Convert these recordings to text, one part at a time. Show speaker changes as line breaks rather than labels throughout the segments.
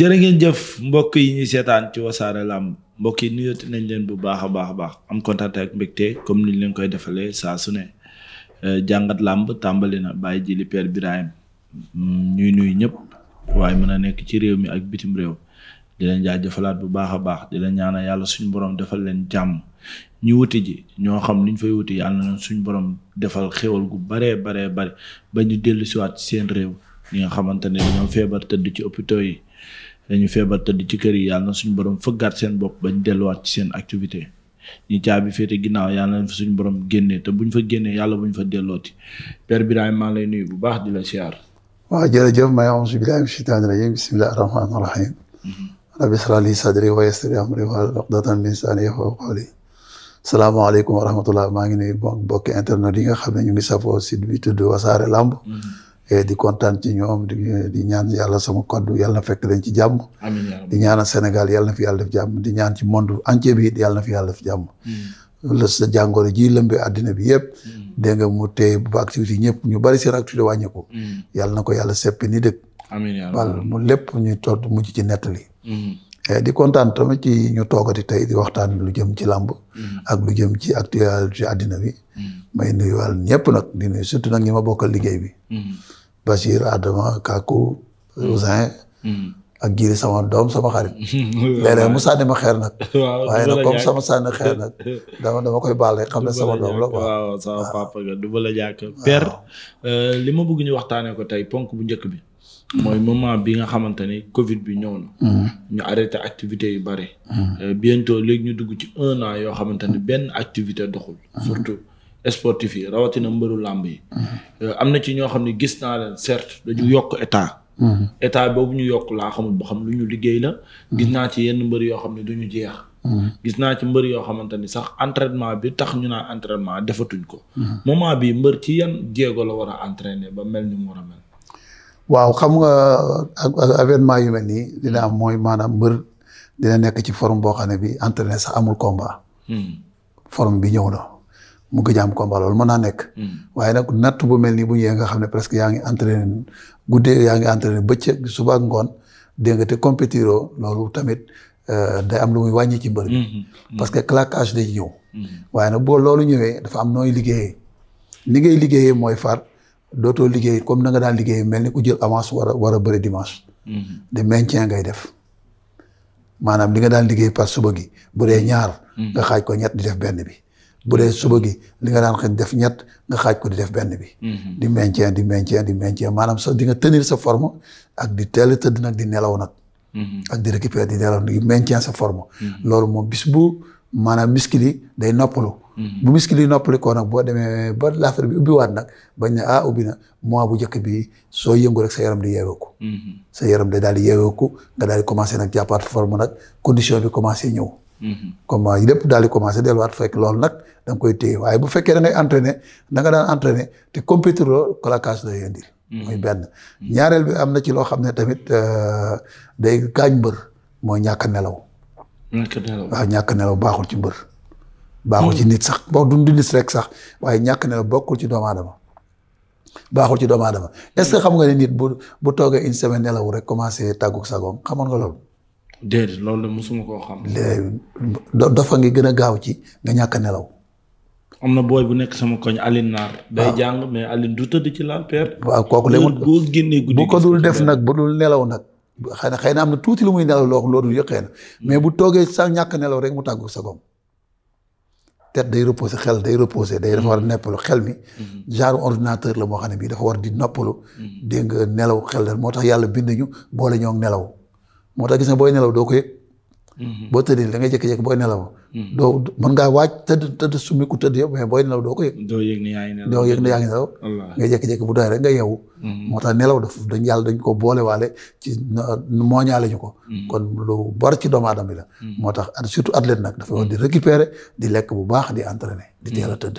jërë ngeen jëf mbokk yi ñuy seetaan ci wasaare làmb mbokk yi nuyooti nañ leen bu baax a baax a baax am kontaan ak mbégte comme niñ leen koy defalee saa su ne euh, jàngat làmb tàmbali na bàyyi ji li Père ñuy nuyu ñëpp waaye mën a nekk ci réew mi ak bitim réew di leen jaajëfalaat bu baax a baax di leen ñaanal yàlla suñ borom defal leen jàmm ñu wuti ji ñoo xam niñ fay wuti yàlla na suñu borom defal xéwal gu baree baree bare ba ñu dellu siwaat seen réew ñi nga xamante ne feebar tëdd ci hôpitaux yi dañu feebar tëdd ci kër yi yàlla suñu borom fëggaat seen bopp bañ delluwaat ci seen activité ñi caabi féete ginnaaw yàlla na suñu borom génnee te buñ fa génnee yàlla bu buñ fa dellooti Père Birahim maa lay nuyu bu baax di la siyaar.
waaw jërëjëf may auzu billahi mina shaytaani rajim bismillahi rahmaani rahim mm-hmm. rabbi israh li sadri wa yassir li amri wahlul uqdatan min lisani yafqahu qawli salaamaaleykum wa rahmatullah maa ngi nuyu bokk internet yi nga xam ne ñu ngi safoo site bi tudd Wassare Lamb mm-hmm. Eh, di kontaan ci ñoom di eh, ñaan yàlla sama kaddu yàlla na fekk leen ci jàmm. di ñaanal Sénégal yàlla na fi yàlla def jàmm di ñaan ci monde entier bi yàlla na fi yàlla def jàmm. Hmm. la sa jàngoro ji lëmbe àddina bi yëpp. Hmm. dégg mu téye ba activité ñëpp ñu bari seen activité wàññeeku. Hmm. yàlla na ko yàlla seppi ni dëkk. amiin wal lépp ñuy toog mujj ci nettali. Eh, di kontaan tamit ci ñu toogati tey di waxtaan lu jëm ci làmb. ak lu jëm ci actualité àddina bi. may nuyuwaal ñëpp nag di nuyu surtout nag ñi ma bokkal liggéey bi. Bachir Adama Kaku. Hmm. Ousin. Hmm. ak jiiri sama doom sama xarit. léeg-léeg mu sànni ma xeer nag. waaye nag comme sama sànni xeer nag
dama dama koy baale xam ne sama doom la quoi. waaw sama ah. papa nga ma la ah. euh, li ma bëgg ñu waxtaanee ko tey ponk bu njëkk bi. mooy hmm. moment bi nga xamante ni Covid bi ñëw na. ñu arrêté activité yu bare. Euh, bientôt léegi ñu dugg ci un an yoo xamante ni benn activité doxul. surtout. sportif yi rawatina mbëru làmb yi. Euh, am na ci ñoo xam ne gis naa leen certes dañu yokk état. état boobu ñu yokk laa xamul ba xam lu ñu liggéey la. gis naa ci yenn mbër yoo xam ne duñu jeex. gis naa ci mbër yoo xamante ni sax entraînement bi tax ñu naa entraînement defatuñ ko. moment bi mbër ci yan jéego la war a entraîner ba mel ni mu war a mel.
waaw xam nga avènement yu mel nii dina am mooy maanaam mbër dina nekk ci forme boo xam ne bi entraîné sax amul combat. Hmm. forme bi ñëw na. mu gëj am combat loolu mën naa nekk. Hmm. waaye nag natt bu mel nii bu ñëwee nga xam ne presque yaa ngi entraîné guddee yaa ngi entraîné bëccëg suba ak ngoon dégg nga te compétiro loolu tamit euh, day am lu muy wàññi ci mbër bi. Hmm, hmm, parce que claquage day ñëw. waaye nag boo loolu ñëwee dafa am nooy liggéeyee. ni ngay liggéeyee mooy far dootoo liggéey comme na nga daan liggéey mel ni ku jël avance war a war a bëri dimanche. de maintien ngay def. maanaam di nga daan liggéey par suba gi bu dee ñaar. nga xaaj ko ñett di def benn bi. bu dee suba gi li nga daan xëy def ñett nga xaaj ko di def benn bi. Mhm. di maintien di maintien di maintien maanaam sax di nga tenir sa forme ak di teel a tëdd nag di nelaw nag. Mhm. ak di récupérer di nelaw di maintien sa forme. Mhm. loolu moom bis bu maanaam miskili day noppalu. bu miskili noppali koo nag boo demee ba l'affaire bi ubbiwaat nag bañ ne ah ubbi na mois bu njëkk bi soo yëngu rek sa yaram di yeeweeku. sa yaram day daal di yeeweeku nga daal di commencé nag jàppaat forme nag condition bi commencé ñëw. Mhm. comment lépp daal di commencé delluwaat fekk loolu nag da koy téye waaye bu fekkee da ngay entraîné da daan entraîné te compétiteur loo claquage lay indil. Mhm. muy benn mhm. ñaareel bi am na ci loo xam ne tamit euh, day gaañ mbër mooy ñàkk nelaw. ñàkk nelaw waaw ñàkk nelaw baaxul ci mbër. baaxul ci nit sax boo du nit rek sax waaye ñàkk nelaw bokkul ci doomu aadama. baaxul ci doomu aadama est-ce que xam nga ne nit bu bu toogee une semaine nelaw rek commencé tàggu sagoom xamoon nga
loolu. déedéet loolu de mosuma koo xam. dafa
ngi gën a gaaw ci nga
ñàkk nelaw. am na booy bu nekk sama koñ Alioune Naar. day jàng mais Alioune du tëdd ci la paire. waaw kooku léegi
boo génnee guddi bu ko dul def nag bu dul nelaw nag. xëy na xëy na am na tuuti lu muy nelaw loo loolu dul yëqee na hmm. mais bu toogee sa ñàkk nelaw rek mu tàggu sa gom tête day reposé xel day reposé day dafa war hmm. neppalu xel mi. Hmm. genre ordinateur la moo xam ne bii dafa war di noppalu. dégg nga nelaw xel la moo tax yàlla bind ñu boole ñoo nelaw. moo tax gis nga booy nelaw doo ko yëg mhm. boo tëddee da ngay jékki-jékki booy nelaw mhm. doo mën ngaa waaj tëdd tëdd summi ku tëdd yëpp mais booy nelaw doo ko yëg doo yëg ne yaa ngi nelaw doo yëg ne yaa ngi nelaw nga jékki-jékki bu doy rek nga yeewu mhm. moo tax nelaw daf dañ yàlla dañ ko boole waale ci mooñaale ñu ko kon lu bar ci doomu aadama bi la moo tax surtout athlète nag dafa war di récupérer di lekk bu baax di entraîner di teel a tëdd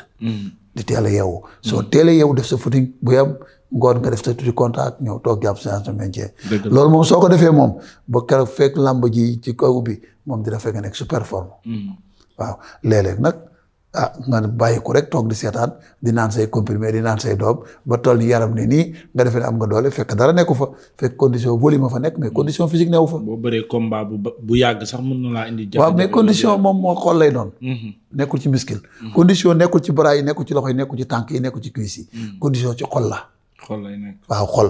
di teel a yeewu soo teel a yeewu def sa footing bu yam ngoon nga def sa de contact ñëw toog jàpp séance de maintien
loolu moom soo ko defee moom
ba keroog fekk làmb ji ci kaw bi moom dina fekk nekk super
hmm.
waaw ah, ba toll ni yaram ne nii nga defee ne am nga doole fekk dara nekku fa fekk condition volume fa nekk mais condition physique moom moo xool lay doon. Hmm. nekkul ci muscle. Hmm. condition nekkul ci bras yi nekkul ci yi nekkul ci tànk yi nekkul ci cuisse yi. condition ci xol la. xol lay waaw xol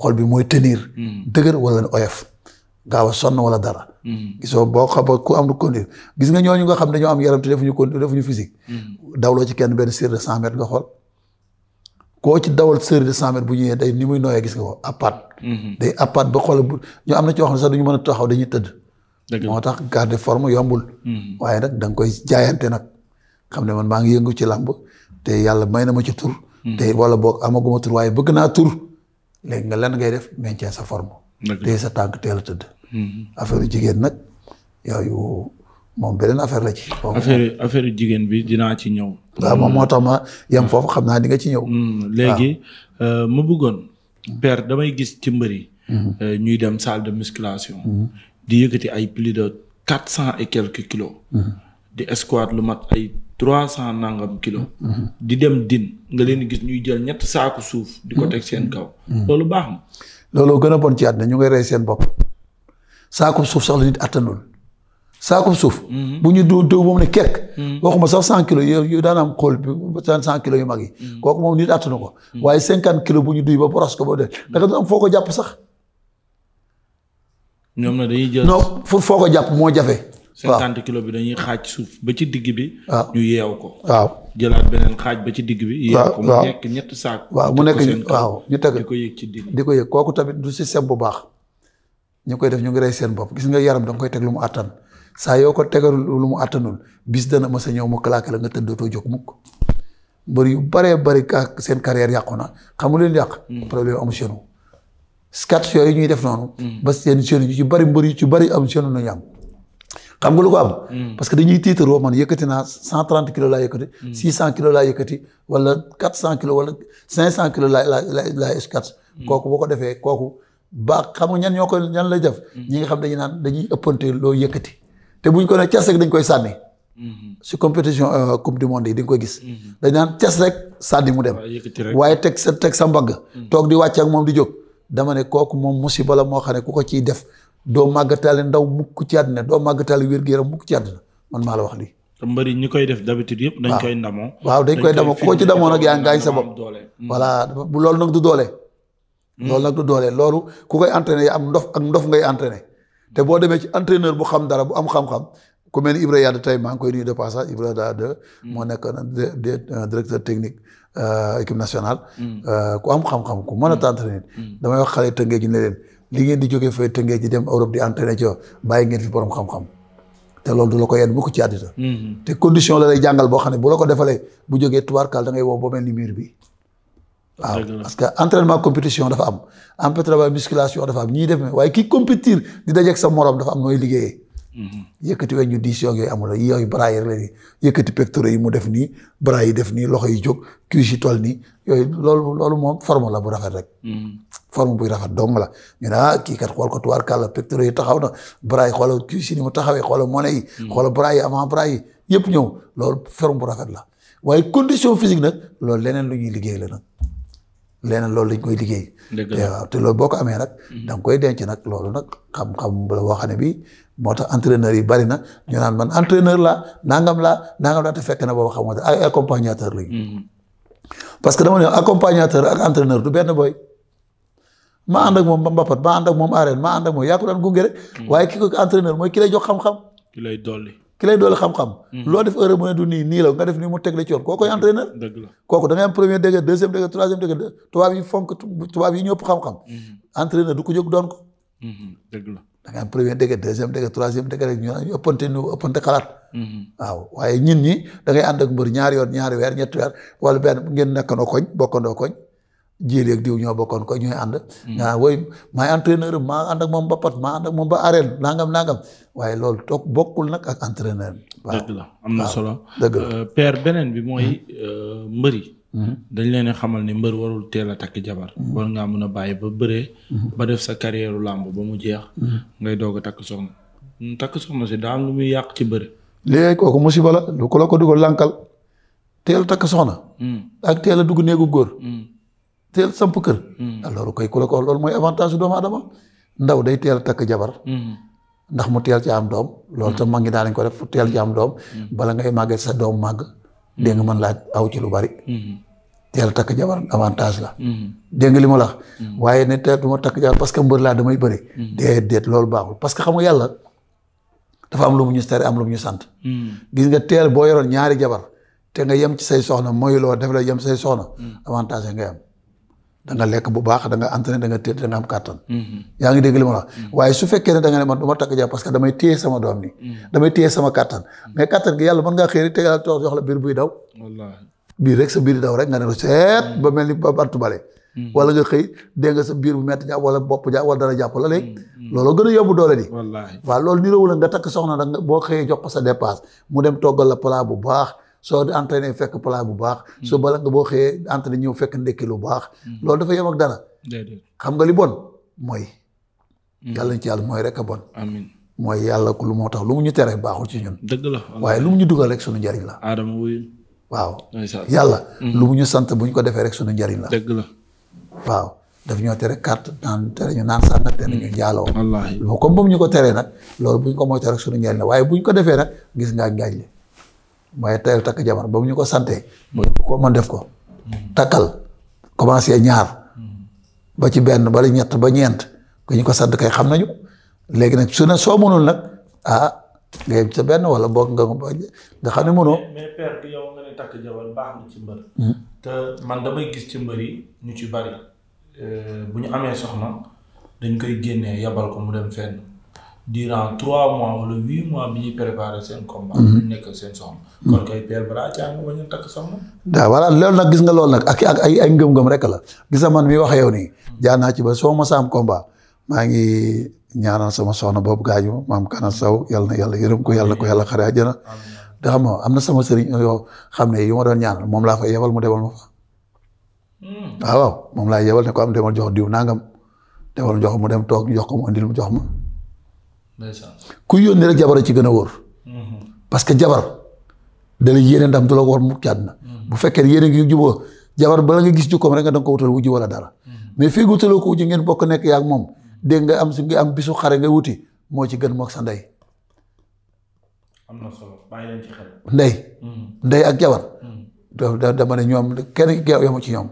xol bi mooy tenir. Hmm. dëgër wala oyof. gaaw a sonn wala dara. Hmm. gisoo boo xam ku am lu conduire gis nga ñooñu nga xam dañoo am yaram te defuñu conduire defuñu physique. Hmm. dawloo ci kenn benn série de cent nga xool. koo ci dawal série de cent mètres bu ñëwee day ni muy nooyee gis nga ko apat. day apat ba xool ñu am na ci wax ne sax duñu mën a taxaw dañuy tëdd. moo tax garder forme yombul. waaye nag da nga koy jaayante nag. xam ne man maa ngi yëngu ci làmb te yàlla may na ma ci tur. Hmm. te wala boog amaguma tur waaye bëgg naa tur léegi nga lan ngay def maintien sa forme téye sa tànk teel a tëdd hmm. affaire jigéen nag yooyu moom beneen affaire la ci affaire affaire jigéen
bi dinaa ci ñëw
waaw moom moo tax ma yem hmm. foofu xam naa di nga ci ñëw léegi
euh, ma bëggoon père damay gis ci mbër yi euh, ñuy dem salle de musculation di yëkkati ay plus de quatre cent et quelques kilos di escouade lu mat ay trois cent nangam kilo mm-hmm. di dem din nga leen gis ñuy jël ñett saaku suuf di ko mm-hmm. teg seen kaw mm-hmm. loolu baax
na looloo gën a bon ci àdduna ñu ngay rey seen bopp saaku suuf sax la nit attanul saaku suuf bu ñu dóor moom ne kerk waxuma sax cent kilos yu daan am xool bi cent kilos yu mag yi kooku moom nit attanu ko waaye cinquante kilos bu ñu duy ba boros ko ba def ndax du am foo ko jàpp sax
no na dañuy jël
foo ko jàpp moo jafe
cinquante kilo bi dañuy xaaj suuf ba ci digg bi. waaw ñu yeew ko. waaw jëlaat xaaj ba ci digg bi. yeew ko mu waaw mu nekk
waaw ñu teg di ko yëg ci digg. di kooku tamit du si système bu baax. ñu koy def ñu ngi rey seen bopp gis nga yaram da nga koy teg lu mu àttan saa yoo ko tegalul lu mu àttanul bis dana mës a ñëw mu claqué la nga tëddootoo jóg mukk mbër yu baree bari ka seen carrière yàqu na xamu leen yàq. Hmm. problème amu seenu. skat yooyu ñuy def noonu. Hmm. ba seen seenu yu ci bari mbër yu ci bari am seenu nañu am xam nga lu ko am. Hmm. parce que dañuy tiitaroo man yëkkati naa cent trente kilos laa yëkkati. Hmm. six cent kilos laa yëkkati wala quatre cent cent kilos laa la la hmm. kooku boo ko defee kooku baax xam nga ñan ñoo ko ñan lay def. ñi nga xam dañuy naan dañuy ëppante loo yëkkati. te buñ ko nee ces rek dañ koy sànni. si compétition euh, coupe du monde yi di nga koy gis. dañ naan ces rek sànni mu dem. waaye teg sa teg sa mbagg. toog di wàcc ak moom di jóg. dama ne kooku moom musiba bala moo xam ne ku ko ciy def doo màggataale ndaw mukk ci àddina doo màggataale wér-gu-yaram mukk ci àddina man maa la wax lii.
te mbëri ñi koy def d'habitude yëpp. dañ koy ndamoo. waaw dañ koy ndamoo koo ci ndamoo nag yaa ngi gaañ sa bopp.
Hmm. bu loolu nag du doole. Hmm. loolu nag du doole loolu ku koy entraîné am ndof ak ndof ngay entraîné. te boo demee ci entraîneur bu xam dara bu am xam-xam ku mel ni tey maa ngi koy nuyu de passage Ibra hmm. moo nekk directeur technique euh, équipe nationale. Euh, ku am xam ku mën a entraîné. damay wax xale tënkee leen. li ngeen di jógee fay tëngee ji dem Europe di entraîné ci bàyyi ngeen fi borom xam-xam te loolu du la ko yenn mukk ci àddina mm-hmm. te condition la lay jàngal boo xam ne bu la ko defalee bu jógee tubaarkaal da ngay woo boo mel ni mur bi waaw parce que entraînement compétition dafa am entraînement musculation dafa am ñii def waaye kii compétir di dajeeg sa morom dafa am nooy liggéeyee mm-hmm. yëkkati weñ ñu diis yooyu amul yooyu bras yi rek la yëkkati pectoraux yi mu def nii bras yi def nii loxo yi jóg cuisse yi toll yooyu loolu loolu moom forme la bu rafet rek mm-hmm. form buy rafet dong la ñu ne ah kii kat xool ko tuwaar kàlla pectoraux yi taxaw na bras yi xoolal cuisse ni mu taxawee xoolal mollets yi. Hmm. xoolal bras yi avant bras yi yëpp ñëw loolu forme bu la waaye condition physique nag loolu leneen lu ñuy liggéey la leneen loolu lañ koy liggéey. waaw te loolu boo ko amee nag. Hmm. da koy denc nag loolu nag xam-xam la boo xam ne bii moo tax entraîneur yi bari na ñu naan man entraîneur laa nangam laa nangam laa te fekk na boobu xam nga ay accompagnateur lañu. Hmm. parce que dama ne accompagnateur ak entraîneur du benn boy. ma ànd ak moom ba ma ànd ak moom arène ma ànd ak moom yaa ko daan gunge rek. Mm. waaye ki ko entraîneur mooy ki lay jox xam-xam.
ki lay dolli.
xam-xam. Mm. loo def erreur mu du nii nii la nga def nii mu teg la ci koo koy entraîneur. dëgg la kooku da ngay am premier degré deuxième degré troisième tubaab yi fonk tubaab yi ñëpp xam-xam. Mm-hmm. entraîneur du ko jóg doon ko. Mm-hmm. dëgg la da ngay am premier degré deuxième degré troisième degré rek ñu ëppante nu ëppante xalaat. Mm-hmm. waaw waaye ñin ñi da ngay ànd ak mbër ñaari yoon ñaari weer ñetti weer wala benn ngeen nekkandoo koñ bokkandoo koñ jéeli ak diw ñoo bokkoon ko ñooy ànd nga mm. wooy maay entraîneur maa ànd ak moom ba pat maa ànd ak moom ba arène nangam nangam waaye loolu toog bokkul nag ak entraîneur
waaw dëgg la am na solo dëgg la euh, beneen bi mooy mm. euh, mbër yi mm-hmm. dañ leen a xamal ne mbër warul teel a takk jabar mm-hmm. war ngaa mën a bàyyi ba bëree mm-hmm. ba def sa carrière làmb ba mu jeex ngay doog a takk soxna mm, takk soxna si daa am lu muy yàq ci bëri
léegi kooku musiba la lu ko la ko dugal lànkal teel takk soxna ak teel teel samp kër. Hmm. Ah, loolu koy ku la ko loolu mooy avantage doom adama ndaw day teel a takk jabar. Hmm. ndax mu teel ci am doom. loolu tam hmm. mag ngi daan nañ ko def teel ci am doom. bala ngay màgget sa doom màgg. dégg man mën laa aw ci lu bari. teel a takk jabar avantage la. dégg nga li ma la waaye ne teel du ma takk jabar parce que mbër laa damay bëri. déedéet loolu baaxul parce que xam nga yàlla dafa am lu mu ñu tere am lu mu ñu sant. gis nga teel boo yoroon ñaari jabar te nga yem ci say soxna mooy loo def la yem say soxna. avantage nga am. da nga lekk bu baax da nga entraîné da nga tëdd da am kàttan mm-hmm. yaa ngi dégg li ma wax mm-hmm. waaye su fekkee ne da ne man du ma takk jabar parce que damay téye sama doom ni mm-hmm. damay téye sama kàttan mais kàttan gi yàlla mën ngaa xëy rek sa biir daw rek nga ne ko seet ba mel ni ba bantu bale wala nga xëy dégg nga sa biir bu métti jàpp wala bopp jàpp wala dara jàpp la léegi loolu gën a yóbbu doole di waaw loolu niroowul nga takk soxna nag boo xëyee jox ko sa dépense mu dem toggal la plat bu baax soo entraîné fekk plat bu baax. Hmm. soo bala nga boo xëyee entraîné ñëw fekk ndekki lu baax. Hmm. loolu dafa yem ak dara. xam nga li bon mooy. Hmm. yàlla ci yàlla mooy rek a bon. amiin mooy yàlla ku lu moo tax lu mu ñu tere baaxul ci ñun. dëgg la waaye lu ñu dugal rek sunu njariñ la. aadama
wuyu. waaw yàlla.
lu mu ñu sant bu ñu ko defee rek sunu njariñ la. dëgg la waaw. daf ñoo tere carte naan tere ñu naan sànna tere ñu njaaloo. wallaahi comme boobu ñu ko teree nag loolu bu ñu ko moytee rek sunu njariñ la waaye bu ñu ko defee nag gis ngaa njaaj li. mooy teel takk jabar ba mu ñu ko sante ba ñu ko mën def ko takkal commencé ñaar ba ci benn bala ñett ba ñeent ku ñu ko sant kay xam nañu léegi nag su ne soo mënul nag ah nga yem sa benn wala boog nga nga xam ne mënoo.
mais père bi yow nga ne takk jabar baax na ci mbër. Hmm? te man damay gis ci mbër yi ñu ci bari euh, bu ñu amee soxna dañ koy génnee yabal ko mu dem fenn. durant trois mois wala
mhm. nag gis nga lool nag ak ay ay ngëm-ngëm rek la gisaman nga man mi wax yow nii. jaar naa ci ba soo ma saam combat maa ngi ñaanal sama soxna boobu gaañu maam Kana Sow yàlla na yàlla yërëm ko yàlla na ko yàlla xare àjjana. te xam am na sama sëriñ xam ne ma doon ñaanal moom laa fa yebal ma fa. Hmm. Ah, waaw waaw laa yebal ne ko am demal jox diw nangam demal jox mu dem toog jox ko mu andil mu jox ma. ku yónni rek jabar ci gën a wóor. Mhm. parce que jabar da lay yéene ndam du la war mu jàdd na. Mhm. bu fekkee yéene ngi jubóo jabar bala nga gis jukkoom rek nga danga ko wutal wujji wala dara. Mhm. mais fii nga wutaloo ko wujji ngeen bokk nekk yaa ak moom dégg nga am su nga am bisu xare nga wuti moo ci gën moog sa ndey.
am na solo bàyyi leen ci xel. ndey.
ne ñoom kenn geew yamu ci ñoom.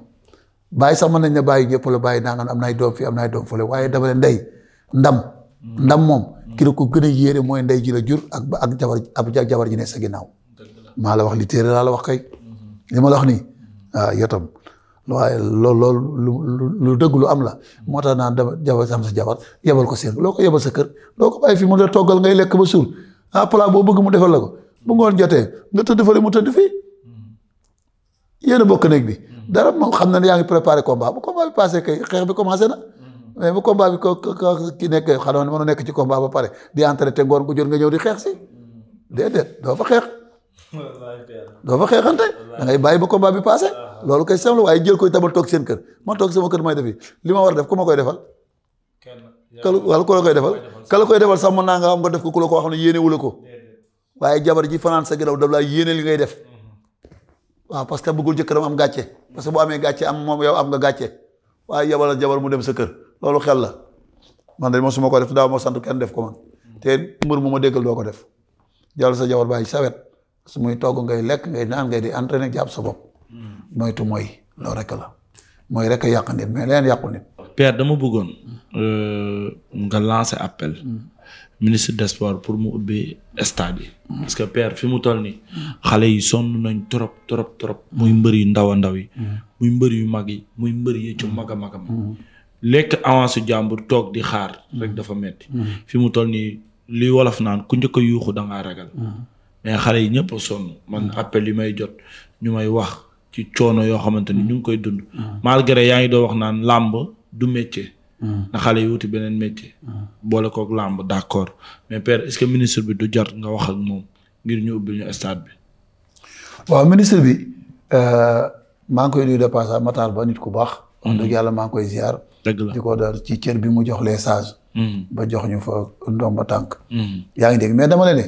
bàyyi sax mën nañ ne bàyyi ñëpp bàyyi naa nga am naay doom fii am naay doom fële waaye dama ne ndey ndam. ndam moom. ki la ko gën a yéere mooy ndey ji la jur ak ba ak jabar ak jabar ji ne sa ginnaaw maa la wax li téere laa la wax kay li ma la wax nii ah yotam waaye loolu loolu lu dëgg lu am la moo tax naan dama jabar am sa jabar yebal ko seen loo ko yebal sa kër loo ko bàyyi fii mu ah, la defal la ko bu ngoon jotee nga tëdd fële mu tëdd fii yéen a bokk néeg bi dara moom xam na ne yaa ngi préparé combat bu combat bi passé kay xeex bi commencé na mais bu combat bi ko ki nekkee xanaa mën a nekk ci combat ba pare di entraîné te ngoon gu jot nga ñëw di xeex si déedéet doo fa xeex.
doo fa xeexante da
ngay bàyyi ba combat bi passé loolu kay sam la waaye jël koy tamal toog seen kër ma toog sama kër may defi li ma war a def ku ma koy defal kal wala ku la koy defal kala koy defal sax mën naa nga xam nga def ko ku la koo xam ne yéene wula ko waaye jabar ji fanaan sa ginnaaw daf laa yéene li ngay def mm-hmm. waaw parce que bëggul jëkkëram am gàcce parce que bu amee gàcce am moom yow am nga gàcce waaye yabal jabar mu dem sa kër loolu xel la man de ma su ma ko def daaw ma sant kenn def ko man te mbër mu ma déggal doo ko def jàll sa jabar bàyyi sawet su muy togg ngay lekk ngay naan ngay di entraîné jàpp sa bopp moytu mooy loolu rek la mooy rek a yàq nit mais
leen yàqu nit. per dama bëggoon euh, nga lancer appel. ministre des sports pour mu ubbi stade bi. parce que père fi mu toll nii. xale yi sonn nañ trop trop trop. muy mbër yu ndaw a ndaw yi. muy mbër yu mag yi muy mbër yi ci mag mag a mag. lekk avance jàmbur toog di xaar. rek dafa metti mm-hmm. fi mu toll nii li wolof naan ku njëkk a yuuxu da ngaa ragal. Mm-hmm. mais xale yi ñëpp a sonn man mm-hmm. appel yi may jot ñu may wax ci coono yoo xamante ni ñu ngi koy dund. malgré yaa ngi doo wax naan làmb du métier. na xale yi wuti beneen métier. boole kook làmb d' accord mais père est ce que ministre bi du jar nga wax ak moom ngir ñu ubbil bi.
waaw bi euh, maa ngi koy nuyu de passage Matar ba nit ku baax. wax dëgg yàlla maa ngi koy ziar. dëgg la ko dal ci cër bi mu jox les sages. Hmm. ba jox ñu fa ndomba tànk. Hmm. yaa ngi dégg mais dama la ne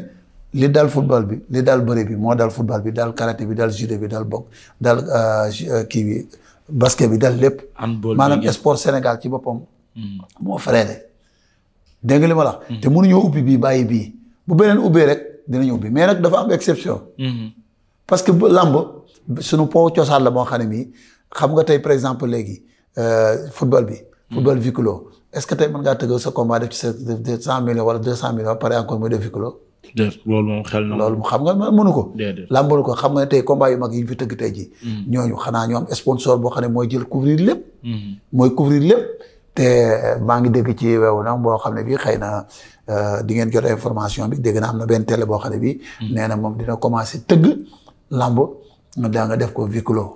li daal football bi li daal bëre bi moo dal football bi daal karaté bi daal judo bi daal bokk daal euh, euh, kii bi basket bi daal lépp. maanaam sport Sénégal ci boppam. Hmm. moo freiné. dégg nga li ma la wax. te mënuñoo ubbi bii bàyyi bii bu beneen ubbee rek dinañu ubbi mais nag dafa am exception. parce que làmb suñu po cosaan la moo xam ne xam nga tey par exemple léegi. Euh, football bi. Hmm. football huis clos est-ce que tey mën ngaa tëgg sa combat def ci sa cent millions wala deux cent millions pare encore muy def huis loolu moom xel na loolu xam nga mënu ko. laa ko xam nga tey combat yu mag yi ñu fi tëgg tey ji hmm. ñooñu xanaa ñoo am sponsor boo xam ne mooy jël couvrir lépp. Hmm. mooy couvrir lépp. te euh, maa ngi dégg ci wewu nag boo xam ne bii xëy na euh, di ngeen jot information bi dégg na am na benn télé boo xam ne bii. nee na moom dina commencé tëgg làmb daa nga def ko huis clos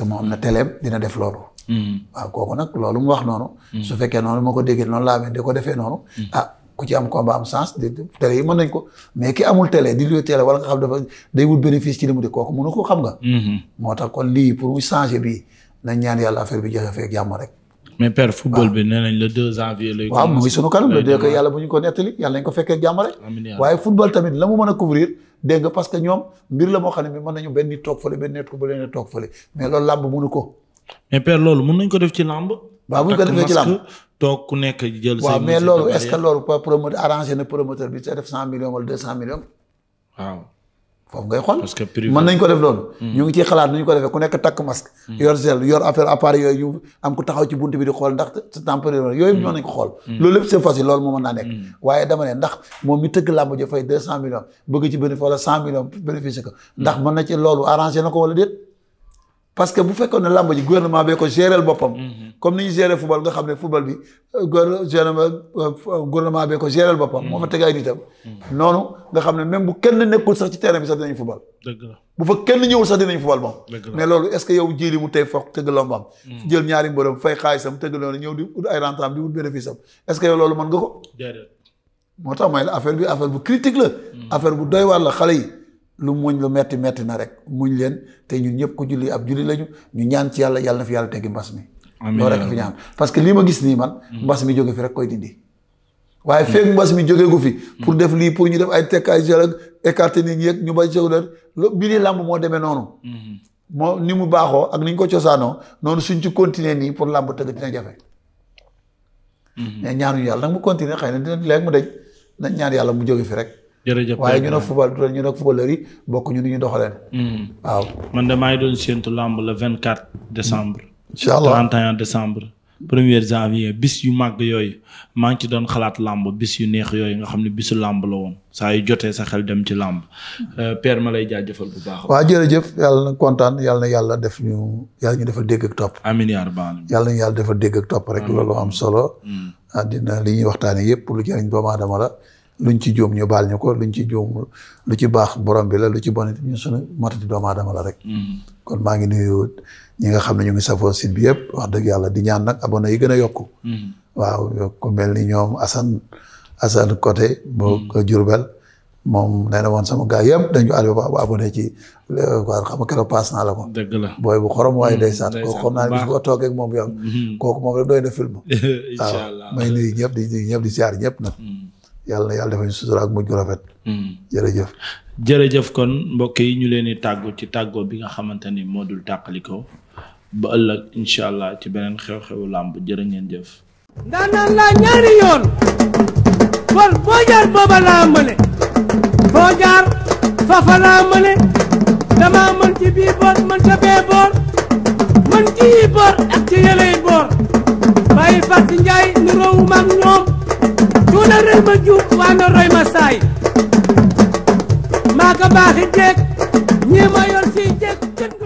am na télé dina def loolu. waaw mm. ah, kooku nag loolu mu wax noonu. Mm. su fekkee noonu ma ko déggee noonu laa amee di ko defee noonu. Mm. ah ku ci am combat am sens di yi mën nañ ko mais ki amul télé di luy télé wala nga xam dafa day wut bénéfice ko xam nga. Mm-hmm. moo tax kon lii pour mu changer bii nañ ñaan yàlla affaire bi joxe feeg jàmm
rek. mais père
waaye football tamit la mu mën a couvrir. dégg nga parce ñoom mbir la moo xam ne mën nañu benn nit toog fële benn nit ko mais loolu làmb mënu ko
mais père loolu mën nañ ko def ci làmb. waaw bu ñu ko defee ci làmb toog ku nekk jël. waaw mais loolu est-ce que
loolu pas promoteur arrangé na promoteur bi sa def cent millions wala deux cent millions.
foofu ngay xool parce nañ ko def loolu.
Hmm. ñu ngi ciy xalaat nu ñu ko defee ku nekk takk masque. Hmm. yor gel yor affaire appareil yooyu ñu am ku taxaw ci buntu bi ndax sa température yooyu hmm. ñoo nañ ko xool. loolu lépp c'est facile loolu moo naa nekk. waaye dama ndax moom mi tëgg làmb ji fay deux cent millions bëgg ci bénéfice ko. ndax mën na ci loolu arrangé na ko wala déet. parce que bu fekkoon ne làmb ji gouvernement bee ko gérer boppam. Mhm. comme ni ñu football nga xam ne football bi euh, euh, gouvernement bee ko gérer boppam. moo fa mhm. teg ay nitam. Mhm. noonu nga xam ne même bu kenn nekkul sax ci terrain bi sax dinañ football. bu fa kenn ñëwul sax dinañ football moom. mais loolu est ce que yow jiili mu tey foog tëgg lambam. jël ñaari mbërëm fay xaalisam tëgg loolu ñëw di ut ay rentam di ut bénéfice est ce que yow loolu mën nga ko. moo tax mooy la bi affaire bu critique la. affaire bu doy waar xale yi. lu muñ lu metti metti na rek muñ leen te ñun ñëpp ku julli ab julli lañu ñu ñaan ci yàlla yàlla na fi yàlla teggi mbas mi. loolu rek fi que lii ma gis nii man. Mm-hmm. mbas mi jóge fi rek koy dindi. waaye feeg mbas mi jóge gu fi. pour def lii pour ñu def ay tekk ay gel écarté nit ñi ñu bañ a soog mbiri làmb moo demee noonu. Mm-hmm. moo ni mu baaxoo ak ni ko cosaanoo noonu suñ ci continuer nii pour làmb tëgg dina jafe. Mm-hmm. mais ñaanuñu yàlla nag mu continuer xëy na dina léegi mu daj nañ ñaan yàlla mu jóge fi rek. jërëjëf waaye ñu nag football ñu nag footballeur yi bokk ñu ni ñu doxaleen
hmm. waaw man de maa ngi doon séentu lamb le vingt quatre décembre. incha allah trente et un décembre. premier janvier bis yu màgg yooyu maa ngi ci doon xalaat làmb bis yu neex yooyu nga xam ne bisu làmb la woon saa yu jotee sa xel dem ci làmb euh, père ma lay jaajëfal bu baax. waaw jërëjëf yàlla na kontaan yàlla na yàlla def ñu yàlla ñu defal dégg ak topp. amiin yaa rabbal
yàlla na yàlla defal dégg ak topp rek. loolu am solo. Hmm. dina li ñuy waxtaanee yëpp lu jëriñ doomu aadama la. luñ ci juum ñu baal ñu ko luñ ci juum lu ci baax borom bi la lu ci bon it ñu sunu matati doomu la rek. Mm-hmm. kon maa ngi nuyu ñi nga xam ne ñu ngi safoo site bi yëpp wax dëgg yàlla di ñaan nag abonné yi gën a yokku. Mm-hmm. waaw ku mel ni ñoom Assane Assane côté. boo mm-hmm. Jurbel moom nee na woon sama gars yëpp dañu àll ba abonné ci euh, waaw xam nga keroog paas naa la ko. dëgg la booy bu xorom waaye ndeysaan. ndeysaan ko xam naa bis boo toogee ak moom yow. kooku moom rek doy na film. waaw may nuyu ñëpp di siyaar ñëpp nag. yàlla na yàlla defal ñu sutura ak mujj rafet. Hmm. jërëjëf.
jërëjëf kon mbokk yi ñu leen di tàggu ci tàggoo bi nga xamante ni moo dul tàqalikoo ba ëllëg incha allah ci beneen xew-xewu làmb jërë ngeen jëf. ndaanaan laa ñaari yoon kon boo jaar booba laa mëne boo jaar fafa laa mëne dama mën ci bii boor mën ca bee boor mën ci boor ak ci yële yi boor bàyyi fàtt njaay nu ñoom. tuuna rëy ma juum waa na roy ma saay maa ko baaxi jeeg ñii ma yor si jeeg